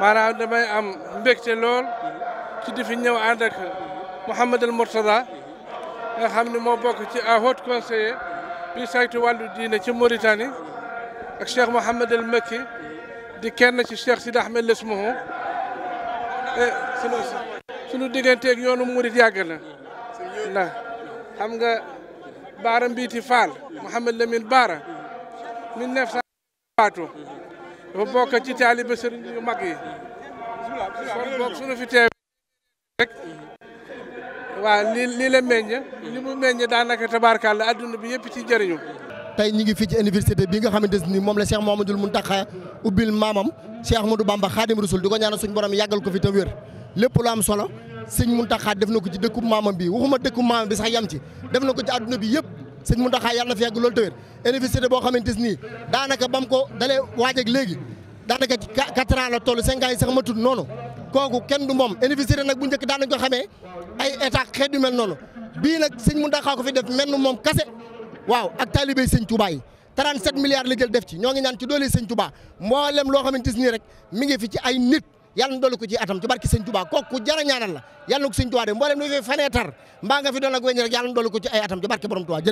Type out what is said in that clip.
maanaam damay am mbégte lool ci di fi ñëw ànd ak Mouhamadul Mourtada nga xam ne moo bokk ci a haut conseiller bi saytu wàllu diine ci Mauritanie ak Cheikh Mouhamadul Mekki di kenn ci Cheikh Sidi Ahmed Lesmouhou e sunu sunu digganteeg yoonu murit yàgg na ndax xam nga Baara Mbiiti Fall Mouhamad Lamine Baara 1900 faatu dafa bokk ci taalibe yu mag yi kon boog suñu lii la meññ li mu meññ daanaka tabaarkàlla adduna bi yëpp ci jëriñu tey ñi ngi fii ci université bi nga xamante nii moom la Cheikh Mouhamadoul Mountakha ubbil maamam Cheikh du Bamba Khadim Rasoul di ko ñaanal suñ borom yàggal ko fi te wér lépp lu am mu sëñ Mountakha def na ko ci dëkku maamam bi waxuma dëkku maamam bi sax yam ci def na ko ci adduna bi yëpp sëñ mu yàlla na fi yàgg loolu te wér université boo xamante nii daanaka bam ko dalee léegi daanaka quatre ans la toll cinq ans yi sax matul noonu kooku kenn du moom université nag bu njëkk daanañ ko xamee ay état xeet yu mel noonu bii nag sëñ Mountakha ko fi def mel moom kase waaw ak taalibey sëñ Touba yi 37 milliards la def ci ñoo ngi ñaan ci doole sëñ Touba mboolem loo xamante ni rek mi ngi fi ci ay nit yàlla na ko ci atam ci barki sëñ Touba kooku jara ñaanal la yàlla na de mboolem lu fi faneetar mbaa nga fi doon weñ rek